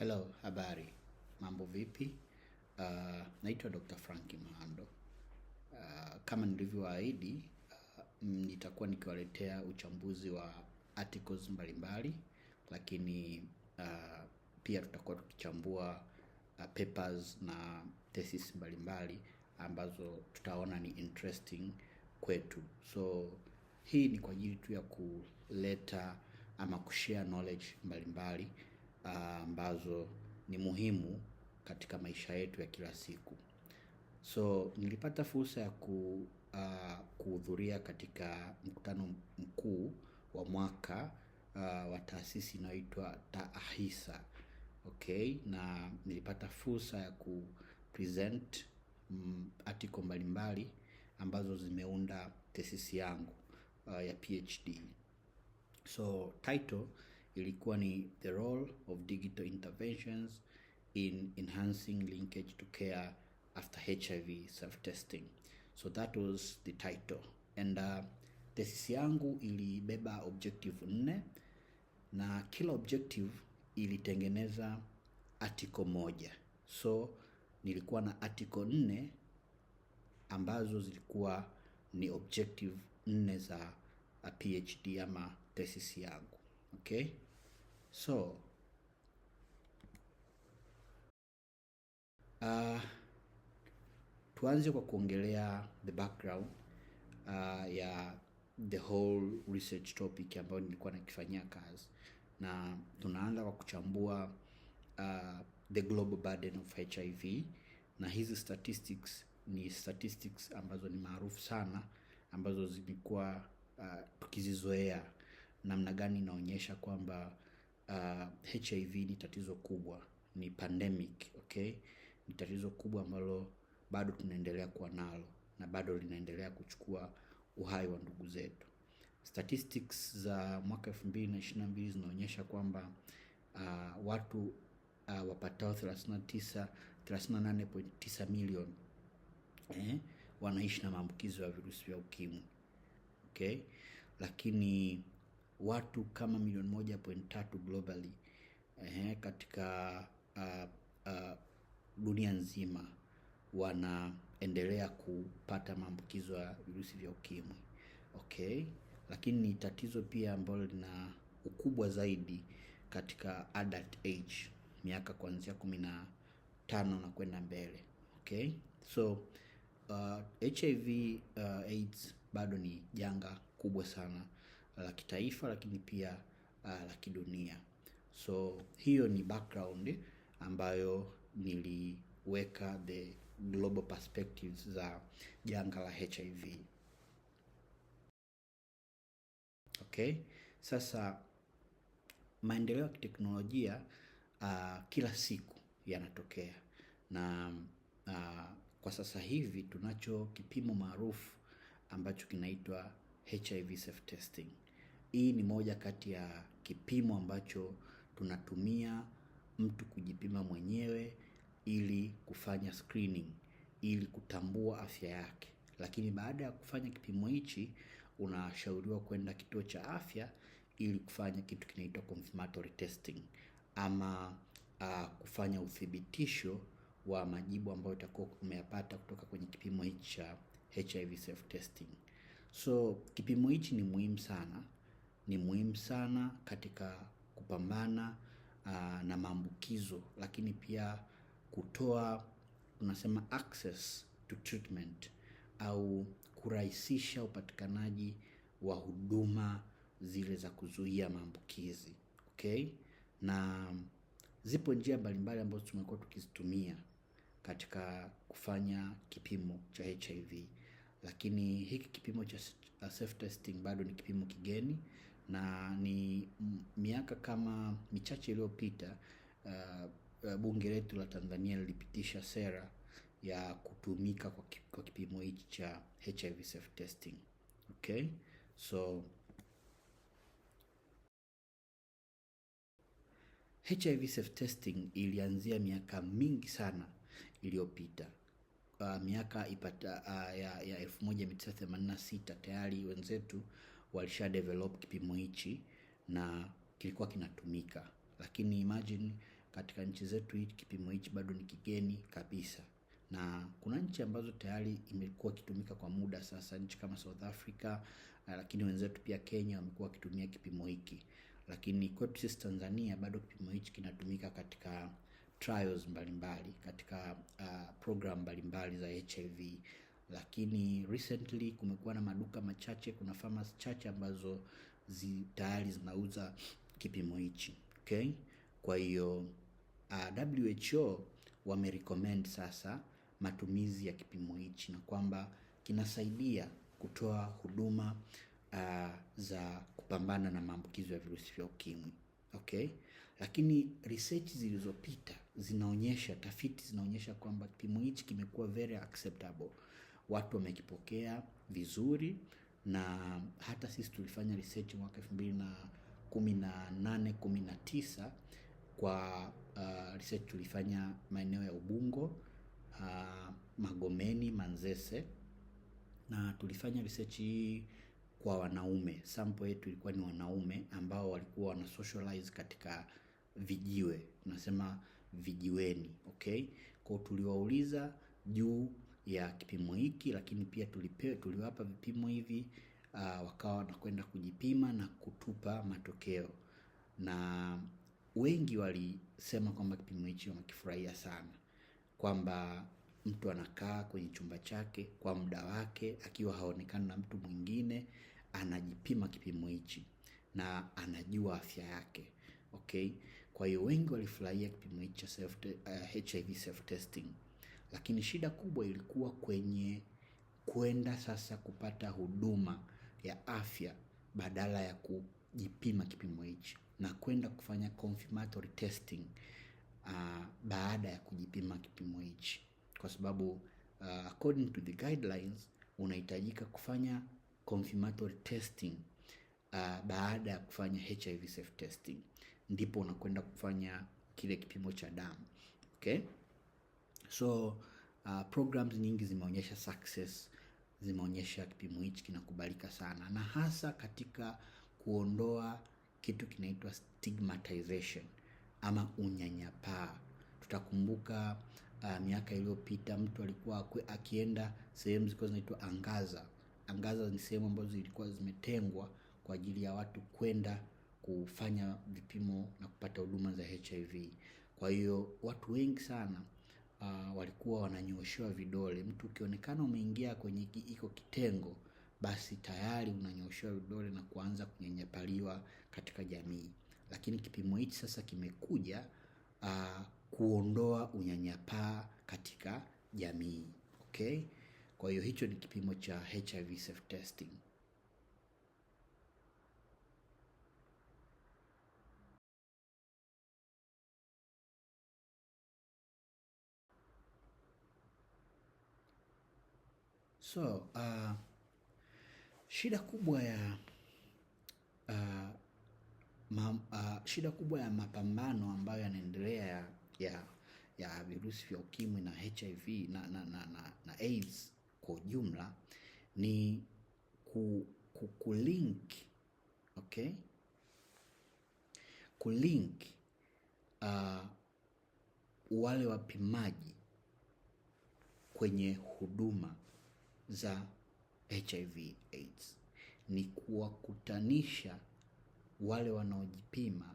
Hello, habari, mambo vipi? Uh, naitwa Dr. Frank Mhando. Uh, kama nilivyoahidi, uh, nitakuwa nikiwaletea uchambuzi wa articles mbalimbali lakini uh, pia tutakuwa tukichambua uh, papers na thesis mbalimbali ambazo tutaona ni interesting kwetu. So hii ni kwa ajili tu ya kuleta ama kushare knowledge mbalimbali mbali, Ah, ambazo ni muhimu katika maisha yetu ya kila siku. So nilipata fursa ya ku, uh, kuhudhuria katika mkutano mkuu wa mwaka uh, wa taasisi inayoitwa Taahisa. Okay, na nilipata fursa ya ku present mm, article mbalimbali ambazo zimeunda tesisi yangu uh, ya PhD. So title ilikuwa ni the role of digital interventions in enhancing linkage to care after HIV self-testing. So that was the title. And uh, thesis yangu ilibeba objective nne na kila objective ilitengeneza article moja. So nilikuwa na article nne ambazo zilikuwa ni objective nne za uh, PhD ama thesis yangu. Okay? So, uh, tuanze kwa kuongelea the background uh, ya the whole research topic ambayo nilikuwa nakifanyia kazi, na tunaanza kwa kuchambua uh, the global burden of HIV, na hizi statistics ni statistics ambazo ni maarufu sana ambazo zimekuwa uh, tukizizoea namna gani inaonyesha kwamba uh, HIV ni tatizo kubwa, ni pandemic, okay? Ni tatizo kubwa ambalo bado tunaendelea kuwa nalo na bado linaendelea kuchukua uhai wa ndugu zetu. Statistics za mwaka 2022 zinaonyesha kwamba uh, watu uh, wapatao 39 38.9 milioni eh, wanaishi na maambukizo ya virusi vya ukimwi okay? Lakini watu kama milioni moja point tatu globally eh, katika uh, uh, dunia nzima wanaendelea kupata maambukizo ya virusi vya ukimwi okay, lakini ni tatizo pia ambalo lina ukubwa zaidi katika adult age, miaka kuanzia kumi na tano na kwenda mbele okay. So uh, HIV uh, AIDS bado ni janga kubwa sana la kitaifa, lakini pia uh, la kidunia. So hiyo ni background ambayo niliweka the global perspectives za janga la HIV. Okay, sasa maendeleo ya kiteknolojia uh, kila siku yanatokea na uh, kwa sasa hivi tunacho kipimo maarufu ambacho kinaitwa HIV self testing. Hii ni moja kati ya kipimo ambacho tunatumia mtu kujipima mwenyewe ili kufanya screening ili kutambua afya yake. Lakini baada ya kufanya kipimo hichi, unashauriwa kwenda kituo cha afya ili kufanya kitu kinaitwa confirmatory testing ama uh, kufanya uthibitisho wa majibu ambayo utakuwa umeyapata kutoka kwenye kipimo hichi cha HIV self testing. So kipimo hichi ni muhimu sana ni muhimu sana katika kupambana uh, na maambukizo, lakini pia kutoa tunasema access to treatment au kurahisisha upatikanaji wa huduma zile za kuzuia maambukizi okay. Na zipo njia mbalimbali ambazo tumekuwa tukizitumia katika kufanya kipimo cha HIV, lakini hiki kipimo cha self testing bado ni kipimo kigeni na ni miaka kama michache iliyopita uh, uh, bunge letu la Tanzania lilipitisha sera ya kutumika kwa, kwa kipimo hichi cha HIV self testing. Okay, so HIV self testing ilianzia miaka mingi sana iliyopita. Uh, miaka ipata uh, ya, ya 1986 tayari wenzetu walisha develop kipimo hichi na kilikuwa kinatumika, lakini imagine katika nchi zetu hii kipimo hichi bado ni kigeni kabisa, na kuna nchi ambazo tayari imekuwa ikitumika kwa muda sasa, nchi kama South Africa, lakini wenzetu pia Kenya wamekuwa wakitumia kipimo hiki, lakini kwetu sisi Tanzania bado kipimo hichi kinatumika katika trials mbalimbali mbali, katika uh, program mbalimbali mbali za HIV lakini recently kumekuwa na maduka machache, kuna farmers chache ambazo zi tayari zinauza kipimo hichi okay. Kwa hiyo uh, ah, WHO wamerecommend sasa matumizi ya kipimo hichi na kwamba kinasaidia kutoa huduma uh, za kupambana na maambukizo ya virusi vya ukimwi okay. Lakini research zilizopita zinaonyesha, tafiti zinaonyesha kwamba kipimo hichi kimekuwa very acceptable watu wamekipokea vizuri, na hata sisi tulifanya research mwaka elfu mbili na kumi na nane kumi na tisa kwa uh, research tulifanya maeneo ya Ubungo, uh, Magomeni, Manzese na tulifanya research hii kwa wanaume. Sample yetu ilikuwa ni wanaume ambao walikuwa wana socialize katika vijiwe, tunasema vijiweni, okay. Kwa tuliwauliza juu ya kipimo hiki, lakini pia tulipewa tuliwapa vipimo hivi uh, wakawa wanakwenda kujipima na kutupa matokeo, na wengi walisema kwamba kipimo hichi wamekifurahia sana, kwamba mtu anakaa kwenye chumba chake kwa muda wake akiwa haonekani na mtu mwingine, anajipima kipimo hichi na anajua afya yake. Okay, kwa hiyo wengi walifurahia kipimo hichi cha self, uh, eh, HIV self testing lakini shida kubwa ilikuwa kwenye kwenda sasa kupata huduma ya afya badala ya kujipima kipimo hichi na kwenda kufanya confirmatory testing uh, baada ya kujipima kipimo hichi, kwa sababu uh, according to the guidelines unahitajika kufanya confirmatory testing uh, baada ya kufanya HIV self testing, ndipo unakwenda kufanya kile kipimo cha damu okay. So uh, programs nyingi zimeonyesha success, zimeonyesha kipimo hichi kinakubalika sana, na hasa katika kuondoa kitu kinaitwa stigmatization ama unyanyapaa. Tutakumbuka uh, miaka iliyopita mtu alikuwa akienda sehemu zilikuwa zinaitwa angaza. Angaza ni sehemu ambazo zilikuwa zimetengwa kwa ajili ya watu kwenda kufanya vipimo na kupata huduma za HIV. Kwa hiyo watu wengi sana uh, walikuwa wananyoshewa vidole. Mtu ukionekana umeingia kwenye iko kitengo, basi tayari unanyoshewa vidole na kuanza kunyanyapaliwa katika jamii. Lakini kipimo hichi sasa kimekuja uh, kuondoa unyanyapaa katika jamii. Okay, kwa hiyo hicho ni kipimo cha HIV self testing. So uh, shida kubwa ya uh, ma, uh, shida kubwa ya mapambano ambayo yanaendelea ya, ya, ya virusi vya ukimwi na HIV na, na, na, na, na AIDS kwa ujumla ni ku, ku, kulink okay, kulink uh, wale wapimaji kwenye huduma za HIV AIDS ni kuwakutanisha wale wanaojipima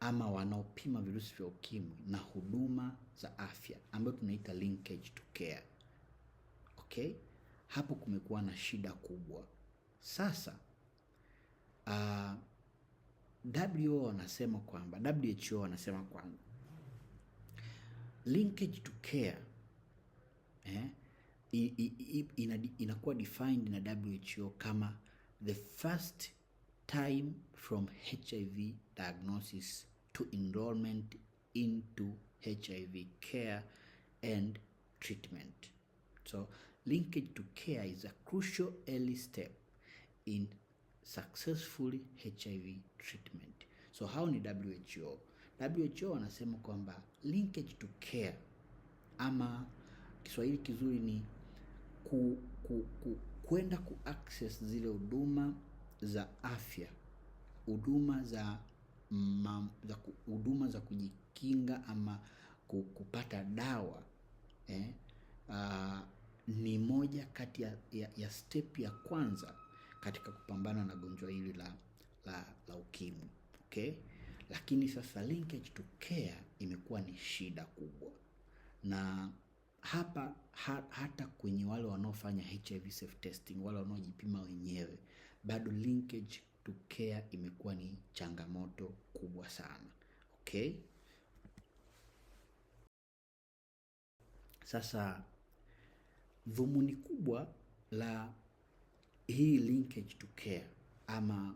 ama wanaopima virusi vya ukimwi na huduma za afya ambayo tunaita linkage to care. Okay, hapo kumekuwa na shida kubwa. Sasa uh, WHO wanasema kwamba WHO wanasema kwamba linkage to care eh, inakuwa defined na WHO kama the first time from HIV diagnosis to enrollment into HIV care and treatment. So linkage to care is a crucial early step in successful HIV treatment. So how ni WHO. WHO wanasema kwamba linkage to care ama Kiswahili kizuri ni ku, ku, ku, kwenda access zile huduma za afya, huduma za huduma za, za kujikinga ama kupata dawa eh, aa, ah, ni moja kati ya, ya, ya step ya kwanza katika kupambana na gonjwa hili la, la, la ukimwi okay? Lakini sasa linkage to care imekuwa ni shida kubwa na hapa ha, hata kwenye wale wanaofanya HIV self testing, wale wanaojipima wenyewe, bado linkage to care imekuwa ni changamoto kubwa sana. Okay, sasa dhumuni kubwa la hii linkage to care ama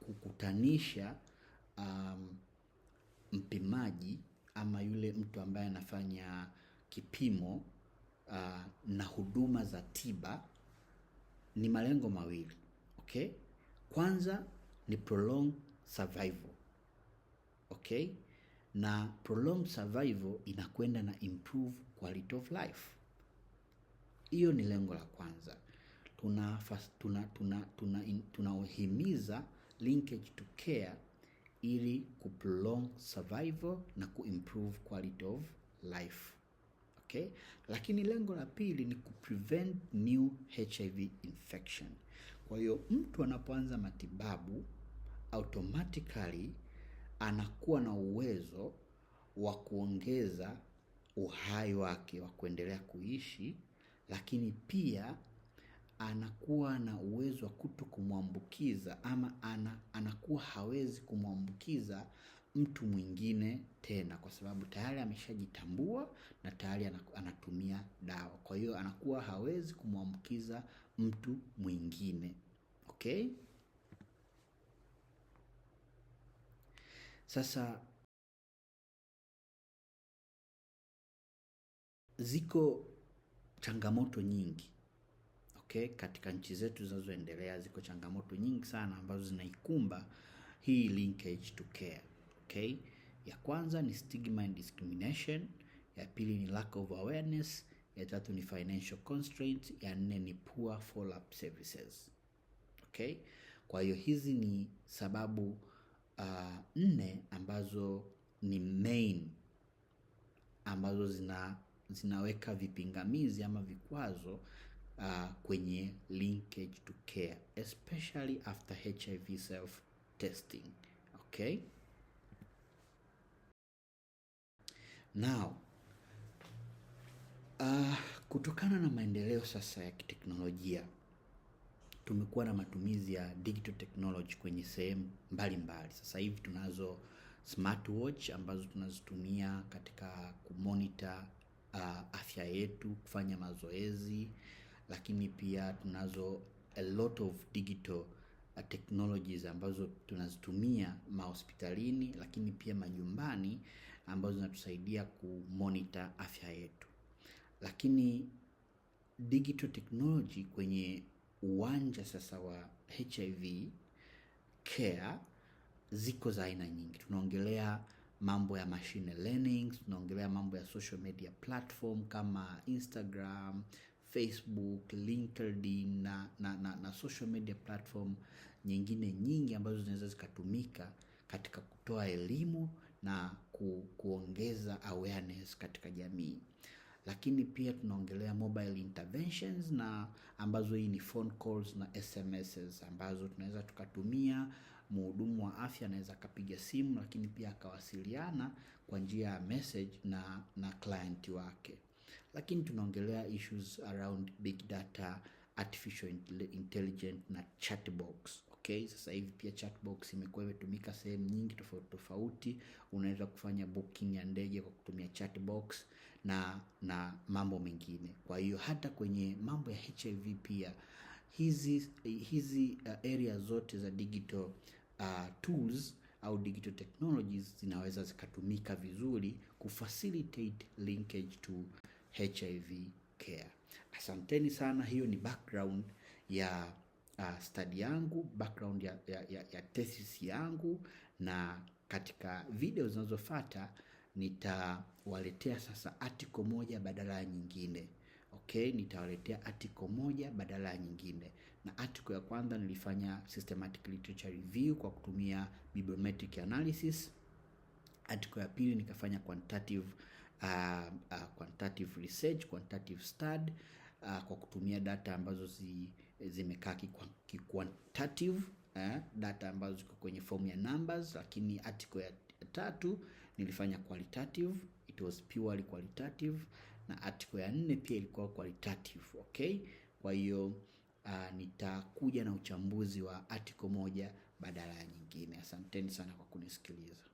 kukutanisha um, mpimaji ama yule mtu ambaye anafanya kipimo uh, na huduma za tiba ni malengo mawili okay. Kwanza ni prolong survival okay, na prolong survival inakwenda na improve quality of life. Hiyo ni lengo la kwanza. Tunahimiza tuna, tuna, tuna, tuna linkage to care ili kuprolong survival na kuimprove quality of life okay? Lakini lengo la pili ni prevent new HIV infection. Kwa hiyo mtu anapoanza matibabu automatically anakuwa na uwezo wa kuongeza uhai wake wa kuendelea kuishi, lakini pia anakuwa na uwezo wa kuto kumwambukiza ama ana, anakuwa hawezi kumwambukiza mtu mwingine tena, kwa sababu tayari ameshajitambua na tayari anatumia dawa, kwa hiyo anakuwa hawezi kumwambukiza mtu mwingine. Okay, sasa ziko changamoto nyingi okay, katika nchi zetu zinazoendelea ziko changamoto nyingi sana ambazo zinaikumba hii linkage to care okay? Ya kwanza ni stigma and discrimination, ya pili ni lack of awareness, ya tatu ni financial constraint, ya nne ni poor follow up services. Okay? Kwa hiyo hizi ni sababu uh, nne ambazo ni main ambazo zina zinaweka vipingamizi ama vikwazo uh, kwenye linkage to care especially after HIV self testing. Okay? Now, uh, kutokana na maendeleo sasa ya kiteknolojia tumekuwa na matumizi ya digital technology kwenye sehemu mbalimbali. Sasa hivi tunazo smartwatch ambazo tunazitumia katika kumonita uh, afya yetu, kufanya mazoezi, lakini pia tunazo a lot of digital uh, technologies ambazo tunazitumia mahospitalini, lakini pia majumbani ambazo zinatusaidia kumonita afya yetu, lakini digital technology kwenye uwanja sasa wa HIV care ziko za aina nyingi. Tunaongelea mambo ya machine learning, tunaongelea mambo ya social media platform kama Instagram, Facebook, LinkedIn na, na, na, na social media platform nyingine nyingi ambazo zinaweza zikatumika katika kutoa elimu na ku, kuongeza awareness katika jamii, lakini pia tunaongelea mobile interventions na ambazo hii ni phone calls na SMSs ambazo tunaweza tukatumia, mhudumu wa afya anaweza akapiga simu, lakini pia akawasiliana kwa njia ya message na, na client wake. Lakini tunaongelea issues around big data, artificial intelligence na chatbox. Okay, sasa hivi pia chatbox imekuwa imetumika sehemu nyingi tofauti tofauti. Unaweza kufanya booking ya ndege kwa kutumia chatbox na na mambo mengine. Kwa hiyo hata kwenye mambo ya HIV pia hizi hizi uh, area zote za digital uh, tools au digital technologies zinaweza zikatumika vizuri kufacilitate linkage to HIV care. Asanteni sana, hiyo ni background ya uh, study yangu background ya, ya, ya, ya thesis yangu, na katika video zinazofuata nitawaletea sasa article moja badala ya nyingine. Okay, nitawaletea article moja badala ya nyingine, na article ya kwanza nilifanya systematic literature review kwa kutumia bibliometric analysis. Article ya pili nikafanya quantitative uh, uh, quantitative research, quantitative study uh, kwa kutumia data ambazo zi zimekaa quantitative eh, data ambazo ziko kwenye form ya numbers, lakini article ya tatu nilifanya qualitative, it was purely qualitative, na article ya nne pia ilikuwa qualitative. Okay, kwa hiyo Uh, nitakuja na uchambuzi wa article moja badala ya nyingine. Asanteni sana kwa kunisikiliza.